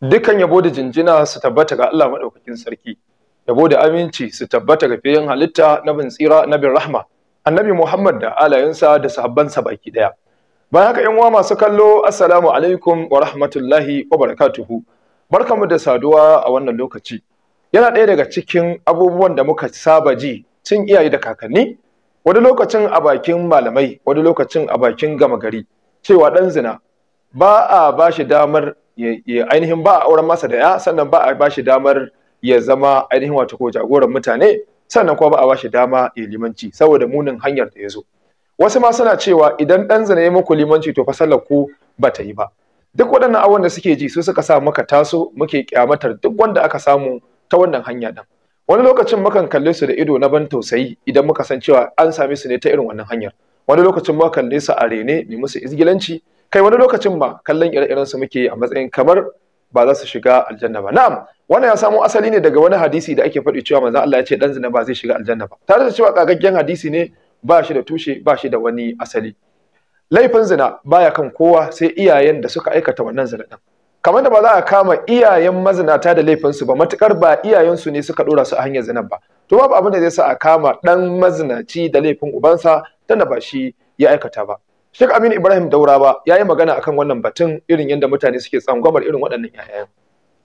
dukan yabo da jinjina su tabbata ga Allah madaukakin sarki yabo da aminci su tabbata ga fiyin halitta na bin tsira na bin rahma annabi Muhammad da alayensa da sahabbansa baki daya bayan haka yan uwa masu kallo assalamu alaikum wa rahmatullahi wa barakatuhu barkamu da saduwa a wannan lokaci yana ɗaya daga cikin abubuwan da muka saba ji tun iyaye da kakanni wani lokacin a bakin malamai wani lokacin a bakin gama gari cewa ɗan zina ba a bashi damar ainihin ba a auren masa da ya sannan ba a shi damar ya zama ainihin wato ko jagoran mutane sannan kuma ba a shi dama ya limanci saboda munin hanyar da ya zo wasu ma suna cewa idan ɗan zina ya muku limanci to fa sallar ku ba ta yi ba duk waɗannan abubuwan da suke ji su suka sa muka taso muke kyamatar duk wanda aka samu ta wannan hanya din wani lokacin mukan kalle su da ido na ban tausayi idan muka san cewa an same su ne ta irin wannan hanyar wani lokacin muka kalle su a rene ne musu izgilanci kai wani lokacin ba kallon ire-iren su muke a matsayin kamar ba za su shiga aljanna ba na'am wannan ya samo asali ne daga wani hadisi da ake faɗi cewa manzo Allah ya ce dan zina ba zai shiga aljanna ba tare da cewa kagaggen hadisi ne ba shi da tushe ba shi da wani asali laifin zina baya kan kowa sai iyayen da suka aikata wannan zina din kamar da ba za a kama iyayen mazinata da laifin su ba matukar ba iyayen su ne suka dora su a hanyar zina ba to babu abin da zai sa a kama dan mazinaci da laifin ubansa tana ba shi ya aikata ba Sheikh Aminu Ibrahim Daura ba yayi magana akan wannan batun irin yadda mutane suke tsangwamar irin waɗannan ƴaƴan.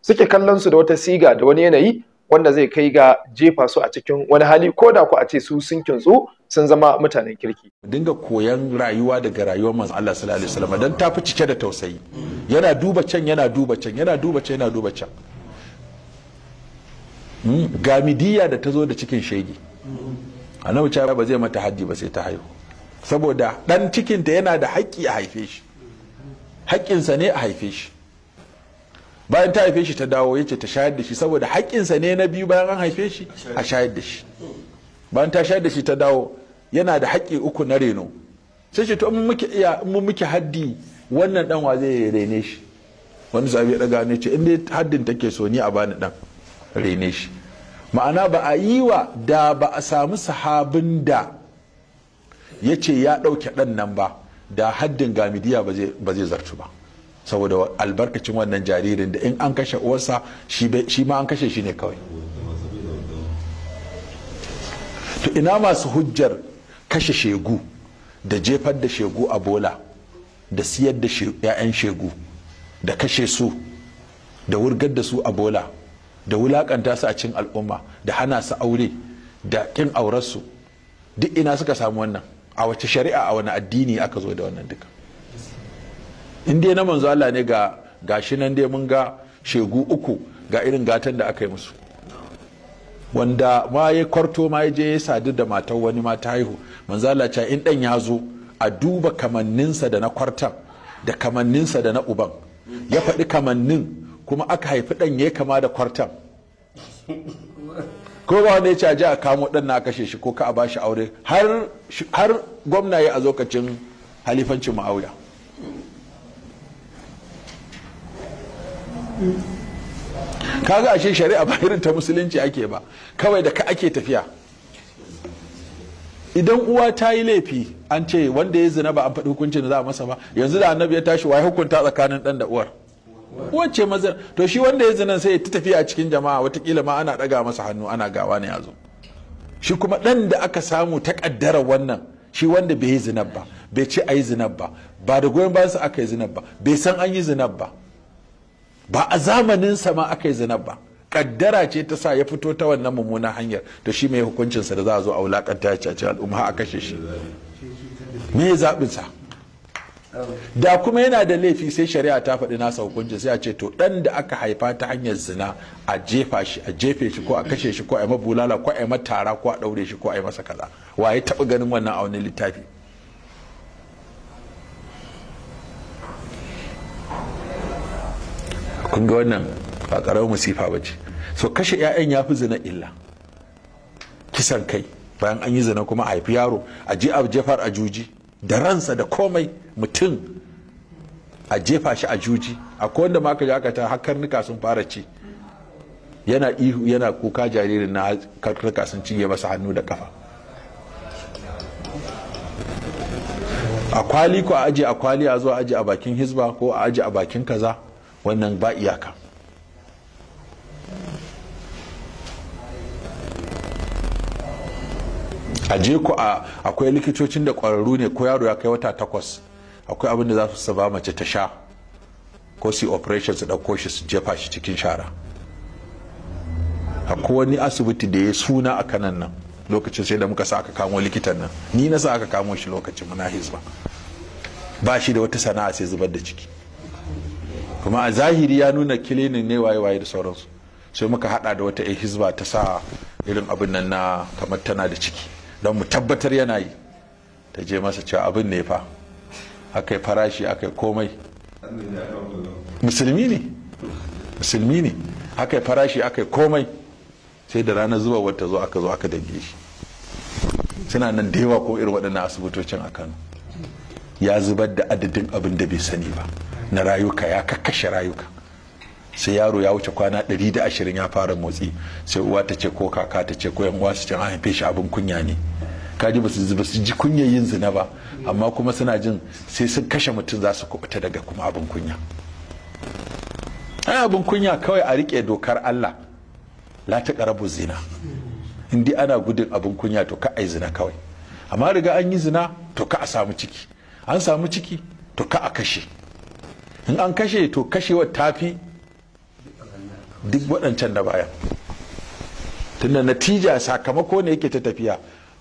Suke kallon su da wata siga da wani yanayi wanda zai kai ga jefa su a cikin wani hali ko da ku a ce su sun kintsu sun zama mutanen kirki. Dinga koyan rayuwa daga rayuwar manzon Allah sallallahu alaihi wasallam dan tafi cike da tausayi. Yana duba can yana duba can yana duba can yana duba can. Hmm, Gamidiya da ta zo da cikin shege. Annabi ba zai mata haddi ba sai ta haihu. saboda ɗan cikinta yana da haƙƙi a haife shi haƙƙinsa ne a haife shi bayan ta haife shi ta dawo yace ta shayar da shi saboda haƙƙinsa ne na biyu bayan an haife shi a shayar da shi bayan ta shayar da shi ta dawo yana da haƙƙi uku na reno sai ce to in muke muke haddi wannan dan wa zai rene shi wani zabi ya daga ne ce in dai haddin take so ni a bani dan rene shi ma'ana ba a yi wa da ba a samu sahabin da ya ce ya ɗauke ɗan nan ba da haddin gamidiya ba zai zartu ba saboda albarkacin wannan jaririn da in an kashe uwarsa shi ma an kashe shi ne kawai to ina masu hujjar kashe shegu da jefar da shegu a bola da siyar da 'ya'yan shegu da kashe su da wurgar da su a bola da wulakanta su a cin al'umma da hana su aure da kin aurarsu duk ina suka samu wannan a wace shari'a a wani addini aka zo da wannan duka in dai na manzo Allah ne ga gashi nan dai mun ga shegu uku ga irin gatan da aka yi musu wanda ma ya kwarto ma ya je ya sadu da matan wani mata haihu manzo Allah ce in dan ya zo a duba kamanninsa da na kwartan da kamanninsa da na uban ya faɗi kamannin kuma aka haifi ɗan ya kama da kwartan ko ba wanda ya ce a ji a kamo ɗan na kashe shi ko ka a ba shi aure har gwamna ya a lokacin halifancin ma'auya kaga ashe shari'a ba irin ta musulunci ake ba kawai da ka ake tafiya idan uwa ta yi laifi an ce wanda ya zina ba an faɗi hukuncin da za a masa ba yanzu da annabi ya tashi wa ya hukunta tsakanin ɗan da uwar wacce mazan to shi wanda ya zina sai ta tafiya a cikin jama'a watakila ma ana daga masa hannu ana gawa ne yazo shi kuma dan da aka samu ta kaddara wannan shi wanda bai yi zinab ba bai ci ayi yi zinab ba ba da goyon bayansa aka yi zinab ba bai san an yi zinab ba ba a zamaninsa ma aka yi zinab ba kaddara ce ta sa ya fito ta wannan mummunan hanyar to shi mai sa da za a zo a wulakanta ya ci al'umma a kashe shi me ya sa da kuma yana da laifi sai shari'a ta faɗi nasa hukuncin sai a ce to ɗan da aka haifa ta hanyar zina a jefa shi a jefe shi ko a kashe shi ko a yi mabulala ko a yi matara ko a ɗaure shi ko a yi masa kaza waye taɓa ganin wannan a wani littafi kun ga wannan ba ƙarar musifa ba ce so kashe 'ya'yan ya fi zina illa kisan kai bayan an yi zina kuma a haifi yaro a je a jefar a juji da ransa da komai mutum a jefa shi a juji a wanda maka ji aka nika sun fara ci yana ihu yana kuka jaririn na karnuka sun cinye masa hannu da kafa a kwali ko a ajiye a kwali a zuwa a a bakin hisba ko a ajiye a bakin kaza wannan ba iyaka a je ku a akwai likitocin da kwararru ne ko yaro ya kai wata takwas akwai abin da za su saba mace ta sha ko su operation su ɗauko shi su jefa shi cikin shara akwai wani asibiti da ya suna a kanan nan lokacin sai da muka sa aka kamo likitan nan ni na sa aka kamo shi lokacin muna hizba ba shi da wata sana'a sai zubar da ciki kuma a zahiri ya nuna kilinin ne waye waye da sauransu sai muka hada da wata hizba ta sa irin abin nan na kamar tana da ciki don mu tabbatar yana yi ta je masa cewa abin ne fa akai farashi akai komai musulmi ne musulmi ne akai farashi akai komai sai da ranar zuwa wata zo aka zo aka dange shi suna nan da yawa ko irin waɗannan asibitocin a kano ya zubar da adadin abin da bai sani ba na rayuka ya kakkashe rayuka sai yaro ya wuce kwana da ashirin ya fara motsi sai uwa ta ce ko kaka ta ce ko yan uwa su ce an haife shi abin kunya ne kaji ba su ji kunya yin zina ba amma kuma suna jin sai sun kashe mutum za su kubuta daga kuma abin kunya ai abin kunya kawai a rike dokar Allah la ta karabu zina in ana gudun abin kunya to ka ai zina kawai amma riga an yi zina to ka a samu ciki an samu ciki to ka a kashe in an kashe to kashewar tafi duk waɗancan na baya tunda natija sakamako ne yake ta tafiya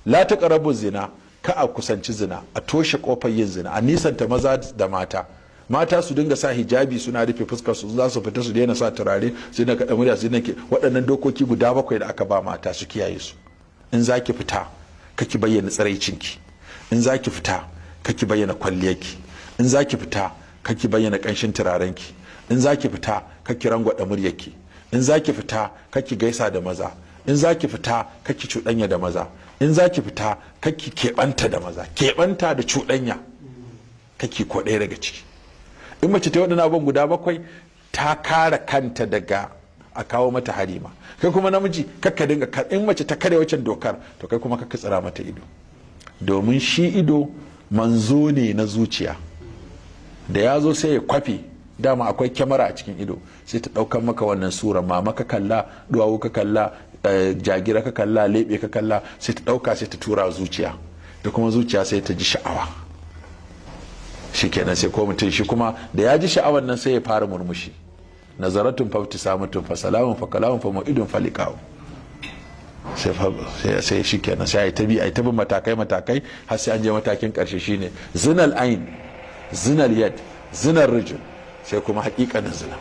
la ta zina ka a kusanci zina a toshe kofar yin zina a nisanta maza da mata mata su dinga sa hijabi suna rufe fuskar su za su fita su daina sa turare su na kada murya su na ke waɗannan dokoki guda bakwai da aka ba mata su kiyaye su in za ki fita ka ki bayyana tsiraicinki in za ki fita ka ki bayyana kwalliyarki in za ki fita ka ki bayyana ƙanshin turarenki in za ki fita ka ki rangwada muryarki in za ki fita kaki gaisa da maza in za ki fita kaki cuɗanya da maza in za ki fita kaki keɓanta da maza keɓanta da cuɗanya kaki ko ɗaya daga ciki in mace ta waɗanda abin guda bakwai ta kare kanta daga a kawo mata harima kai kuma namiji kakka dinga in mace ta kare wacan dokar to kai kuma kaka tsira mata ido domin shi ido manzo ne na zuciya da ya zo sai ya kwafi dama akwai kyamara a cikin ido sai ta ɗaukar maka wannan sura mama ka kalla duwawu ka kalla eh, jagira ka kalla leɓe ka kalla sai ta ɗauka sai ta tura zuciya da kuma zuciya sai ta ji sha'awa shi kenan sai ko mutum shi kuma da ya ji sha'awar nan sai ya fara murmushi nazaratun fa samun fa salamun fa kalamun fa mu'idun fa liqa'u sai sai shi kenan sai ai tabi ai tabin matakai matakai har sai an je matakin karshe shine zinal ain zinal yad zinal rijul sai kuma hakikanin zina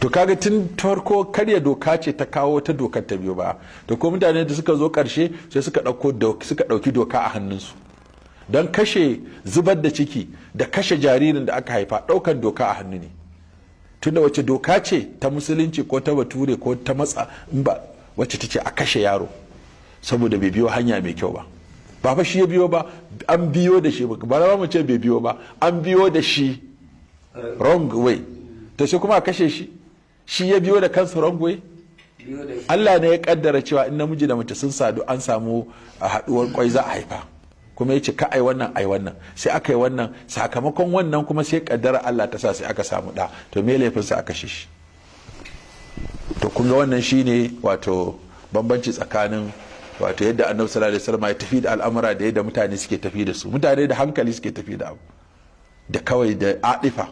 to kaga tun farko karya doka ce ta kawo ta dokar ta biyu ba to ko mutane da suka zo karshe sai suka dauko suka dauki doka a hannunsu don kashe zubar da ciki da kashe jaririn da aka haifa daukan doka a hannu ne tunda wace doka ce ta musulunci ko ta bature ko ta matsa ba wacce ta ce a kashe yaro saboda bai biyo hanya mai kyau ba ba fa shi ya biyo ba an biyo da shi ba mu ce bai biyo ba an biyo da shi wrong way to sai kuma a kashe shi shi ya biyo da kansa wrong way Allah ne ya kaddara cewa in namiji da mace sun sadu an samu haduwar kwai za a haifa kuma ya ce ka ai wannan ai wannan sai aka yi wannan sakamakon wannan kuma sai kaddara Allah ta sa sai aka samu da to me laifin sa aka shi to kun wannan shine wato bambanci tsakanin wato yadda annabi sallallahu alaihi wasallam ya tafi da al'amura da yadda mutane suke tafi da su mutane da hankali suke tafi da abu da kawai da adifa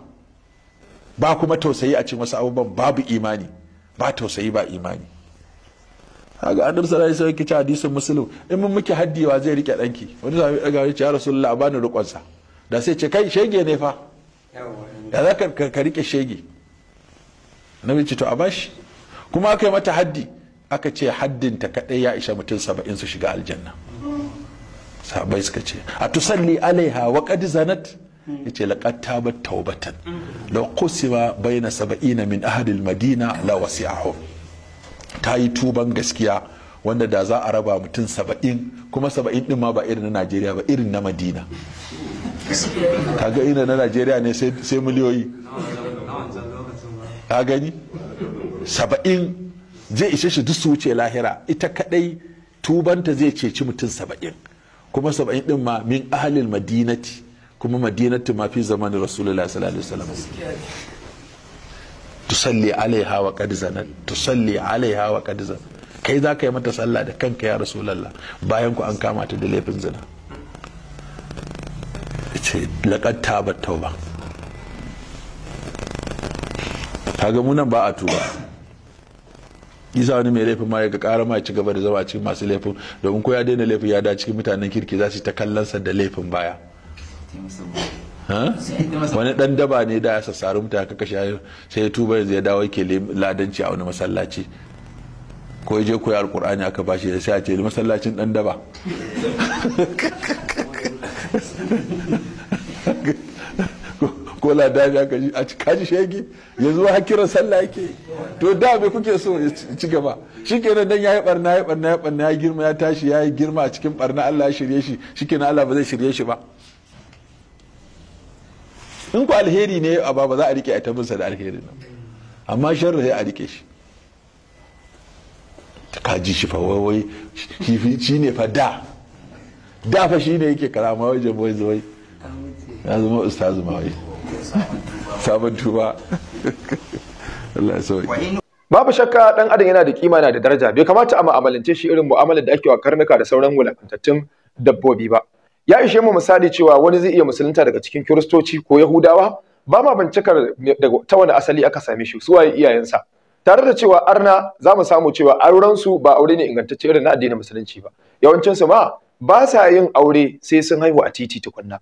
ba kuma tausayi a cikin wasu abubuwan babu imani ba tausayi ba imani haka annabi sallallahu alaihi wasallam kici hadisin muslim in mun muke haddiwa zai rike danki wani sami daga ya ce ya rasulullah a bani rukon da sai ce kai shege ne fa ya za ka rike shege na ce to a bashi kuma aka yi mata haddi aka ce haddinta kaɗai ya isha mutum saba'in su shiga aljanna sahabai suka ce a tusalli alaiha wa qad zanat yace laqad tabat taubatan law qusima saba'i saba'ina min ahli madina la wasi'ahum ta yi tuban gaskiya wanda da za a raba mutum saba'in kuma saba'in din ma ba irin na Najeriya ba irin na Madina kaga ina na Najeriya ne sai miliyoyi ka gani saba'in zai ishe shi duk su wuce lahira ita kadai tubanta zai ceci mutum saba'in kuma saba'in din ma min ahalil madinati kuma madinati ma fi zamanin rasulullah sallallahu alaihi wasallam tusalli alaiha wa qad zanat tusalli alaiha wa qad zanat kai za ka yi mata sallah da kanka ya rasulullah bayan ku an kama ta da laifin zina ce laqad tabat tauba kaga mu nan ba a tuba isa wani mai laifin ma ya ga kara ma ci gaba da zama a cikin masu laifin domin ko ya daina laifin ya da cikin mutanen kirki za su ta kallon sa da laifin baya wani dan daba ne da ya sassaru mutane ka kashe sai ya tuba yanzu ya dawo ke ladanci a wani masallaci ko je koyi alkur'ani aka bashi da sai a ce masallacin dan daba ko ladani aka ji a kaji shege yanzu har kiran sallah yake to da me kuke so ya ci gaba shikenan dan yayi barna yayi barna yayi barna ya girma ya tashi yayi girma a cikin barna Allah ya shirye shi shikenan Allah ba zai shirye shi ba in ku alheri ne a ba za a rike a tabbinsa da alheri nan amma sharri sai a rike shi ka shi fa wai shi ne fa da da fa shi ne yake karama wajen wai zuwai ya zama ustazu ma wai sabon tuba Allah ya sauke babu shakka dan adam yana da kima yana da daraja bai kamata a mu'amalance shi irin mu'amalar da ake wa karnuka da sauran wulakantattun dabbobi ba ya ishe mu misali cewa wani zai iya musulunta daga cikin kiristoci ko yahudawa ba ma bincikar ta wani asali aka same shi suwaye iyayensa tare da cewa arna za mu samu cewa aurensu ba aure ne ingantacce irin na addinin musulunci ba yawancinsu ma ba sa yin aure sai sun haihu a titi tukunna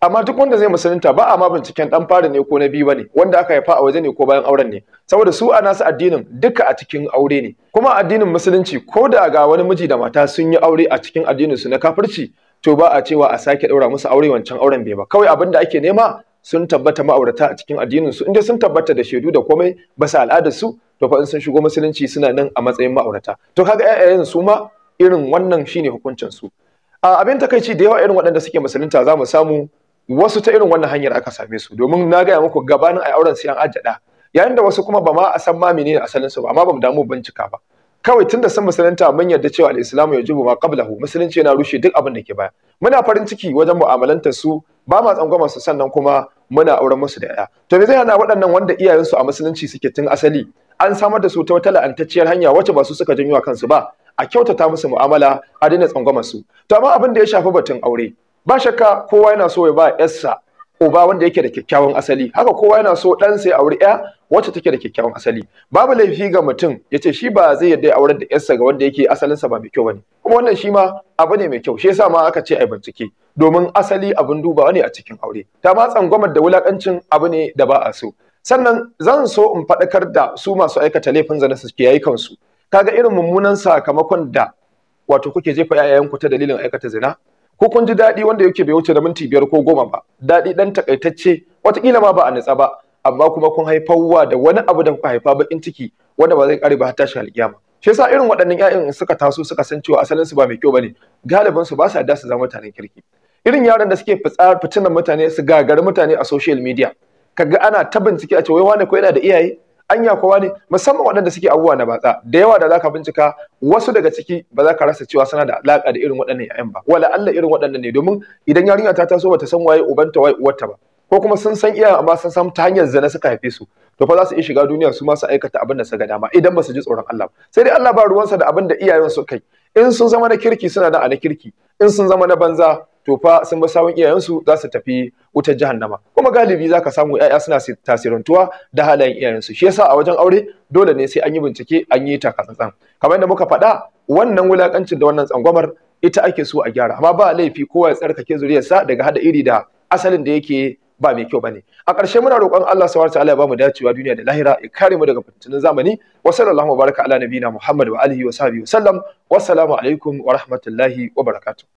amma duk wanda zai musulunta ba a ma binciken dan fari ne ko na biyu bane wanda aka haifa a waje ne ko bayan auren ne saboda su a nasu addinin duka a cikin aure ne kuma addinin musulunci ko da ga wani miji da mata sun yi aure a cikin addinin su na kafirci to ba a cewa a sake daura musu aure wancan auren bai ba kawai abin da ake nema sun tabbata ma'aurata a cikin addinin su inda sun tabbata da shaidu da komai ba su al'adar su to fa in sun shigo musulunci suna nan a matsayin ma'aurata to kaga ƴaƴayen su ma irin wannan shine hukuncin su abin takaici da yawa irin waɗanda suke musulunta za mu samu wasu ta irin wannan hanyar aka same su domin na gaya muku gabanin a auren sai an ajada yayin da wasu kuma ba ma a san ma menene asalin su ba amma bamu damu bincika ba kawai tunda san musulunta mun yarda cewa al-islamu yajibu ma qablahu musulunci yana rushe duk abin da ke baya muna farin ciki wajen mu'amalantar su ba ma tsangwama su sannan kuma muna auren musu da yaya to me zai hana waɗannan wanda iyayensu a musulunci suke tun asali an samar da su ta wata la'antacciyar hanya wacce ba su suka janyo kansu ba a kyautata musu mu'amala a daina tsangwama su to amma abin da ya shafi batun aure ba shakka kowa yana so ya ba yarsa uba wanda yake da kyakkyawan asali haka kowa yana so ɗansa ya auri ya wacce take da kyakkyawan asali babu laifi ga mutum yace shi ba zai yarda ya aurar da yarsa ga wanda yake asalinsa ba mai kyau bane kuma wannan shi ma abu ne mai kyau shi yasa ma aka ce ai bincike domin asali abin dubawa ne a cikin aure ta ma tsangwamar da wulakancin abu ne da ba a so sannan zan so in faɗakar da su masu aikata laifin zane su kiyaye kansu kaga irin mummunan sakamakon da wato kuke jefa yayayenku ta dalilin aikata zina ko kun ji daɗi wanda yake bai wuce da minti biyar ko goma ba daɗi ɗan takaitacce wataƙila ma ba a nutsa ba amma kuma kun haifarwa da wani abu da kuka haifa baƙin ciki wanda ba zai ƙare ba har tashi alƙiyama shi yasa irin waɗannan ƴaƴan suka taso suka san cewa asalinsu ba mai kyau bane galibin su ba sa da su zama mutanen kirki irin yaran da suke fitsar fitinan mutane su gagari mutane a social media kaga ana ta bincike a ce wai wane ko yana da iyaye anya kowa ne musamman waɗanda suke abubuwa na batsa da yawa da zaka bincika wasu daga ciki ba za ka rasa cewa suna da alaka da irin waɗannan ƴaƴan ba wala Allah irin waɗannan ne domin idan yarinya ta taso bata san waye ubanta waye uwarta ba ko kuma sun san iyayen amma sun san ta hanyar zina suka haife su to fa za su iya shiga duniya su ma su aikata abin da suka dama idan ba su ji tsoron Allah sai dai Allah ba ruwansa da abin da iyayen su kai in sun zama na kirki suna da na kirki in sun zama na banza to fa sun ba sawun su za su tafi wutar jahannama kuma galibi za ka samu ‘ya'ya suna tasirantuwa da halayen iyayen su shi yasa a wajen aure dole ne sai an yi bincike an yi takatsantsan kamar yadda muka faɗa wannan wulakancin da wannan tsangwamar ita ake so a gyara amma ba laifi kowa ya tsarkake zuriyarsa daga hada iri da asalin da yake ba mai kyau bane a ƙarshe muna roƙon Allah subhanahu wataala ya bamu dacewa duniya da lahira ya kare mu daga fitinun zamani wa sallallahu baraka ala nabiyina Muhammad wa alihi wa sahbihi wa sallam wassalamu alaikum wa rahmatullahi wa barakatuh